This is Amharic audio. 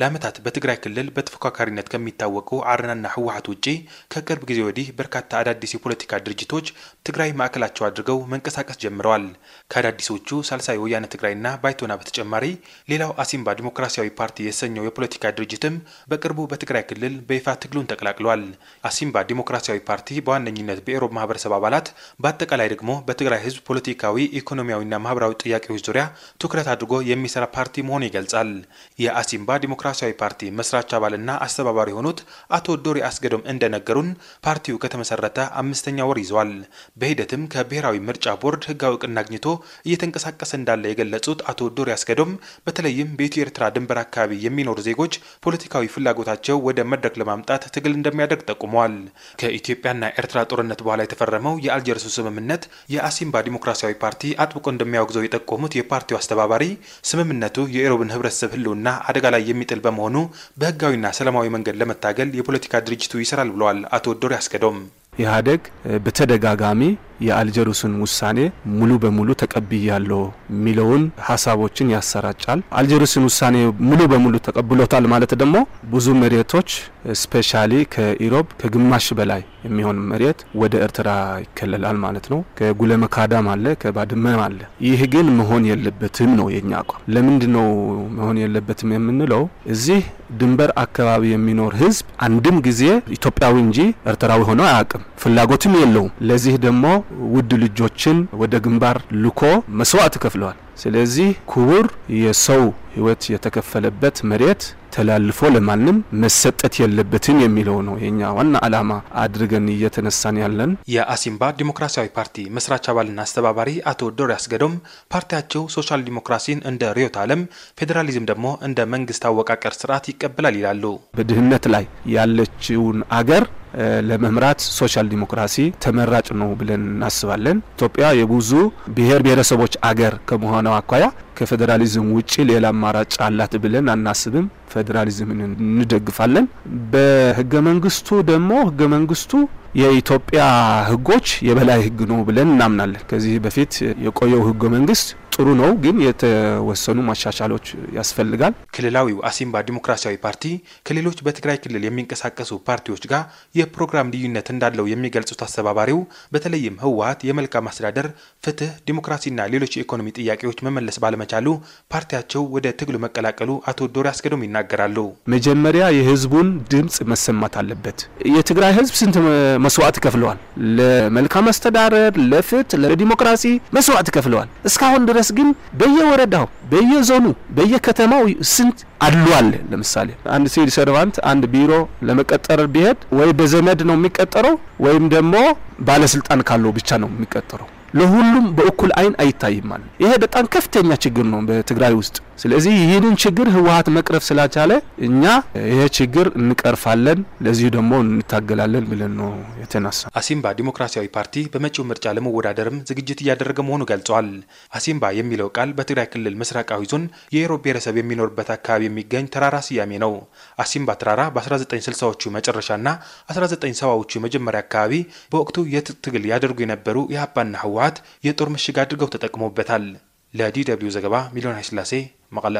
ለዓመታት በትግራይ ክልል በተፎካካሪነት ከሚታወቁ አረናና ህወሀት ውጪ ከቅርብ ጊዜ ወዲህ በርካታ አዳዲስ የፖለቲካ ድርጅቶች ትግራይ ማዕከላቸው አድርገው መንቀሳቀስ ጀምረዋል። ከአዳዲሶቹ ሳልሳይ ወያነ ትግራይና ባይቶና በተጨማሪ ሌላው አሲምባ ዲሞክራሲያዊ ፓርቲ የተሰኘው የፖለቲካ ድርጅትም በቅርቡ በትግራይ ክልል በይፋ ትግሉን ተቀላቅሏል። አሲምባ ዲሞክራሲያዊ ፓርቲ በዋነኝነት በኢሮብ ማህበረሰብ አባላት፣ በአጠቃላይ ደግሞ በትግራይ ህዝብ ፖለቲካዊ፣ ኢኮኖሚያዊና ማህበራዊ ጥያቄዎች ዙሪያ ትኩረት አድርጎ የሚሰራ ፓርቲ መሆኑ ይገልጻል። የአሲምባ ዲሞክራሲያዊ ፓርቲ መስራች አባልና አስተባባሪ የሆኑት አቶ ዶሪ አስገዶም እንደነገሩን ፓርቲው ከተመሰረተ አምስተኛ ወር ይዘዋል። በሂደትም ከብሔራዊ ምርጫ ቦርድ ህጋዊ እውቅና አግኝቶ እየተንቀሳቀሰ እንዳለ የገለጹት አቶ ዶሪ አስገዶም በተለይም በኢትዮ ኤርትራ ድንበር አካባቢ የሚኖሩ ዜጎች ፖለቲካዊ ፍላጎታቸው ወደ መድረክ ለማምጣት ትግል እንደሚያደርግ ጠቁመዋል። ከኢትዮጵያና ኤርትራ ጦርነት በኋላ የተፈረመው የአልጀርሱ ስምምነት የአሲምባ ዲሞክራሲያዊ ፓርቲ አጥብቆ እንደሚያወግዘው የጠቆሙት የፓርቲው አስተባባሪ ስምምነቱ የኢሮብን ህብረተሰብ ህልውና አደጋ ላይ የሚጠ መካከል በመሆኑ በህጋዊና ሰላማዊ መንገድ ለመታገል የፖለቲካ ድርጅቱ ይሰራል ብለዋል አቶ ወዶር ያስገዶም ኢህአዴግ በተደጋጋሚ የአልጀሩስን ውሳኔ ሙሉ በሙሉ ተቀብያለሁ የሚለውን ሀሳቦችን ያሰራጫል። አልጀሩስን ውሳኔ ሙሉ በሙሉ ተቀብሎታል ማለት ደግሞ ብዙ መሬቶች ስፔሻሊ ከኢሮብ ከግማሽ በላይ የሚሆን መሬት ወደ ኤርትራ ይከለላል ማለት ነው። ከጉለመካዳም አለ፣ ከባድመም አለ። ይህ ግን መሆን የለበትም ነው የኛ አቋም። ለምንድ ነው መሆን የለበትም የምንለው? እዚህ ድንበር አካባቢ የሚኖር ህዝብ አንድም ጊዜ ኢትዮጵያዊ እንጂ ኤርትራዊ ሆነው አያውቅም። ፍላጎትም የለውም። ለዚህ ደግሞ ውድ ልጆችን ወደ ግንባር ልኮ መስዋዕት ከፍለዋል። ስለዚህ ክቡር የሰው ህይወት የተከፈለበት መሬት ተላልፎ ለማንም መሰጠት የለበትም የሚለው ነው የኛ ዋና ዓላማ አድርገን እየተነሳን ያለን። የአሲምባ ዲሞክራሲያዊ ፓርቲ መስራች አባልና አስተባባሪ አቶ ዶሪ አስገዶም ፓርቲያቸው ሶሻል ዲሞክራሲን እንደ ርዕዮተ ዓለም፣ ፌዴራሊዝም ደግሞ እንደ መንግስት አወቃቀር ስርዓት ይቀበላል ይላሉ። በድህነት ላይ ያለችውን አገር ለመምራት ሶሻል ዲሞክራሲ ተመራጭ ነው ብለን እናስባለን። ኢትዮጵያ የብዙ ብሔር ብሔረሰቦች አገር ከመሆነው አኳያ ከፌዴራሊዝም ውጭ ሌላ አማራጭ አላት ብለን አናስብም። ፌዴራሊዝምን እንደግፋለን። በህገ መንግስቱ ደግሞ ህገ መንግስቱ የኢትዮጵያ ህጎች የበላይ ህግ ነው ብለን እናምናለን። ከዚህ በፊት የቆየው ህገ መንግስት ጥሩ ነው፣ ግን የተወሰኑ ማሻሻሎች ያስፈልጋል። ክልላዊው አሲምባ ዲሞክራሲያዊ ፓርቲ ከሌሎች በትግራይ ክልል የሚንቀሳቀሱ ፓርቲዎች ጋር የፕሮግራም ልዩነት እንዳለው የሚገልጹት አስተባባሪው በተለይም ህወሀት የመልካም አስተዳደር፣ ፍትህ፣ ዲሞክራሲና ሌሎች የኢኮኖሚ ጥያቄዎች መመለስ ባለመቻሉ ፓርቲያቸው ወደ ትግሉ መቀላቀሉ አቶ ዶሪ አስገዶም ይናገራሉ። መጀመሪያ የህዝቡን ድምፅ መሰማት አለበት። የትግራይ ህዝብ ስንት መስዋዕት ከፍለዋል? ለመልካም አስተዳደር፣ ለፍትህ፣ ለዲሞክራሲ መስዋዕት ከፍለዋል። እስካሁን ድረስ ድረስ ግን በየወረዳው በየዞኑ በየከተማው ስንት አሉ አለ። ለምሳሌ አንድ ሲቪል ሰርቫንት አንድ ቢሮ ለመቀጠር ቢሄድ ወይ በዘመድ ነው የሚቀጠረው ወይም ደግሞ ባለስልጣን ካለው ብቻ ነው የሚቀጠረው። ለሁሉም በእኩል አይን አይታይም ማለት ይሄ በጣም ከፍተኛ ችግር ነው በትግራይ ውስጥ። ስለዚህ ይህንን ችግር ህወሀት መቅረፍ ስላልቻለ እኛ ይሄ ችግር እንቀርፋለን፣ ለዚሁ ደግሞ እንታገላለን ብለን ነው የተነሳ። አሲምባ ዲሞክራሲያዊ ፓርቲ በመጪው ምርጫ ለመወዳደርም ዝግጅት እያደረገ መሆኑ ገልጸዋል። አሲምባ የሚለው ቃል በትግራይ ክልል ምስራቃዊ ዞን የኢሮ ብሔረሰብ የሚኖርበት አካባቢ የሚገኝ ተራራ ስያሜ ነው። አሲምባ ተራራ በ1960ዎቹ መጨረሻና 1970ዎቹ መጀመሪያ አካባቢ በወቅቱ የትጥቅ ትግል ያደርጉ የነበሩ የሀባና ህወሀት ህወሓት የጦር ምሽግ አድርገው ተጠቅሞበታል። ለዲ ደብልዩ ዘገባ ሚሊዮን ኃይለሥላሴ መቀለ